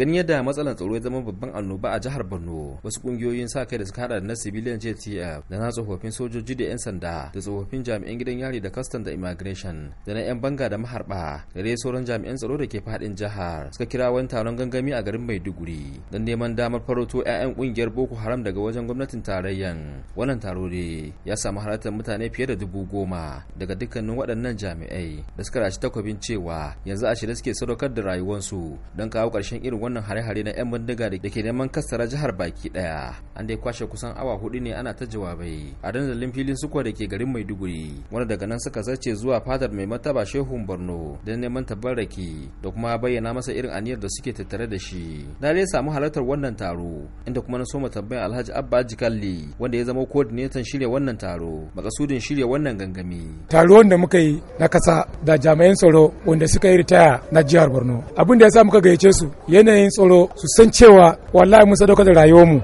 ganin yadda matsalar tsaro ya zama babban annoba a jihar borno wasu kungiyoyin sa kai da suka hada da na civilian jtf da na tsofaffin sojoji da 'yan sanda da tsofaffin jami'an gidan yari da custom da immigration da na 'yan banga da maharba da dai sauran jami'an tsaro da ke fadin jihar suka kira wani taron gangami a garin maiduguri don neman damar faroto 'ya'yan kungiyar boko haram daga wajen gwamnatin tarayyan wannan taro ne ya samu halartar mutane fiye da dubu goma daga dukkanin waɗannan jami'ai da suka rashi takwabin cewa yanzu a shirye suke sadaukar da rayuwarsu don kawo ƙarshen irin wannan hare-hare na 'yan bindiga da ke neman kassara jihar baki daya an dai kwashe kusan awa hudu ne ana ta jawabai a dandalin filin sukwa da ke garin maiduguri wanda daga nan suka zarce zuwa fadar mai mataba shehun borno don neman tabarraki da kuma bayyana masa irin aniyar da suke tattare da shi na dai samu halartar wannan taro inda kuma na soma tambayar alhaji abba jikalli wanda ya zama coordinator shirya wannan taro makasudin shirya wannan gangami taro wanda muka yi na kasa da jami'an tsaro wanda suka yi ritaya na jihar borno abin ya sa muka gayyace su yanayin yanayin tsaro su san cewa wallahi mun sadaukar da rayuwarmu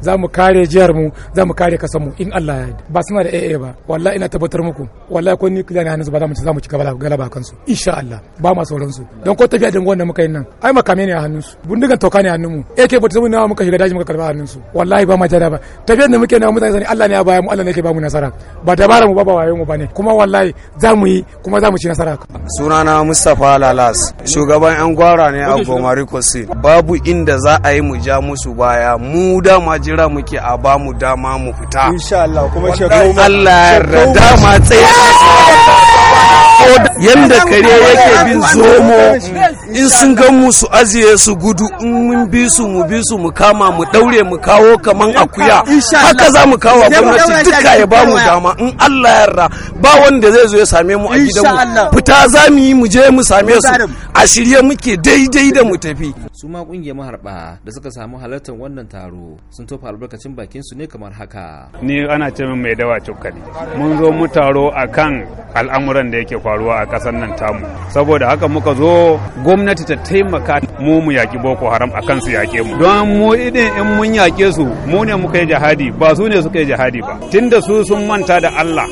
za mu kare jihar mu za mu kare kasar mu in Allah ya yi ba suna da AA ba wallahi ina tabbatar muku wallahi ko ni kila ne hannunsu ba za mu ci za mu ci galaba kansu insha Allah ba ma sauran su don ko tafiya dangon da muka yin nan ai makame ne a hannunsu bindigan toka ne a hannunmu AK ba ta nawa muka shiga daji muka karba a hannunsu wallahi ba ma jada ba tafiya da muke nawa mutane sani Allah ne ya baya mu Allah ne ke ba mu nasara ba dabara mu ba ba wayo mu bane kuma wallahi za mu yi kuma za mu ci nasara sunana mustafa Lalas shugaban yan gwara ne a Gomari Kosi babu inda za a yi mu ja musu baya mu da ma jira muke a ba mu dama mu fita insha Allah kuma shekaru ma. Allah ya rada dama tsaye yadda kare yake bin zomo in sun gan mu su aziye su gudu in mun bi su mu bi su mu kama mu daure mu kawo kaman akuya haka za mu kawo gwamnati duka ya ba mu dama in Allah yarda ba wanda zai zo ya same mu a gidanmu fita za mu yi mu je mu same su a shirye muke daidai da mu tafi su ma kungiyar maharba da suka samu halartar wannan taro sun tofa albarkacin bakin su ne kamar haka ni ana ce mai dawa cokali mun zo mu taro akan al'amuran da yake faruwa a ƙasar nan tamu saboda haka muka zo gwamnati ta taimaka mu mu yaƙi boko haram a kansu yaƙe mu don mu idan in mun yaƙe su mu ne muka yi jihadi ba su ne suka yi jihadi ba tunda su sun manta da Allah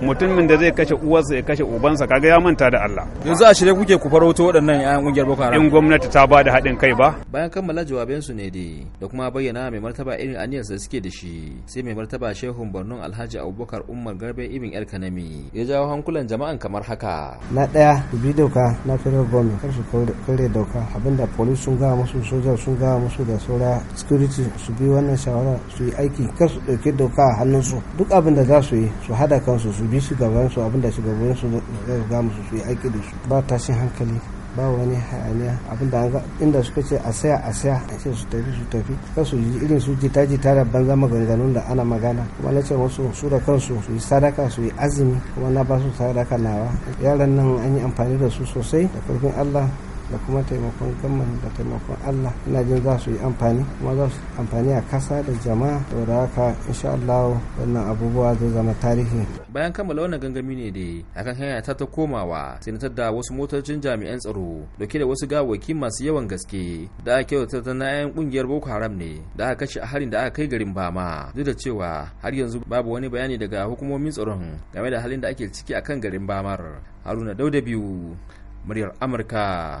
mutumin da zai kashe uwarsa ya kashe ubansa kaga ya manta da Allah yanzu a shirye kuke ku farauto waɗannan ƴan ƙungiyar Boko Haram in gwamnati ta ba da haɗin kai ba bayan kammala jawaben su ne dai da kuma bayyana mai martaba irin aniyar da suke da shi sai mai martaba Shehun Bornon Alhaji Abubakar Umar Garbe Ibn El Kanami ya jawo hankulan jama'an kamar haka na daya bi doka na fere government kar su kare doka abinda police sun ga musu soja sun ga musu da saura security su bi wannan shawara su yi aiki kar su ɗauki doka a hannunsu duk abin da za su yi su hada kansu su su bi su abinda su zai ga musu su yi aiki da su ba tashin hankali ba wani hayaniya abinda an ga inda suka ce a saya a saya a ce su tafi su tafi kan su ji irin su jita jita da banza maganganun da ana magana kuma na ce wasu su da kansu su yi sadaka su yi azumi kuma na ba su sadaka nawa yaran nan an yi amfani da su sosai da karfin Allah da kuma taimakon gamman da taimakon Allah ina jin za su yi amfani kuma za su amfani a kasa da jama'a da haka insha Allah wannan abubuwa zai zama tarihi bayan kammala wannan gangami ne da akan hanya ta ta komawa sanatar da wasu motocin jami'an tsaro dauke da wasu gawaki masu yawan gaske da aka kyautar ta na 'yan kungiyar Boko Haram ne da aka kashe a harin da aka kai garin Bama duk da cewa har yanzu babu wani bayani daga hukumomin tsaron game da halin da ake ciki akan garin Bamar Haruna Dauda biyu muryar Amurka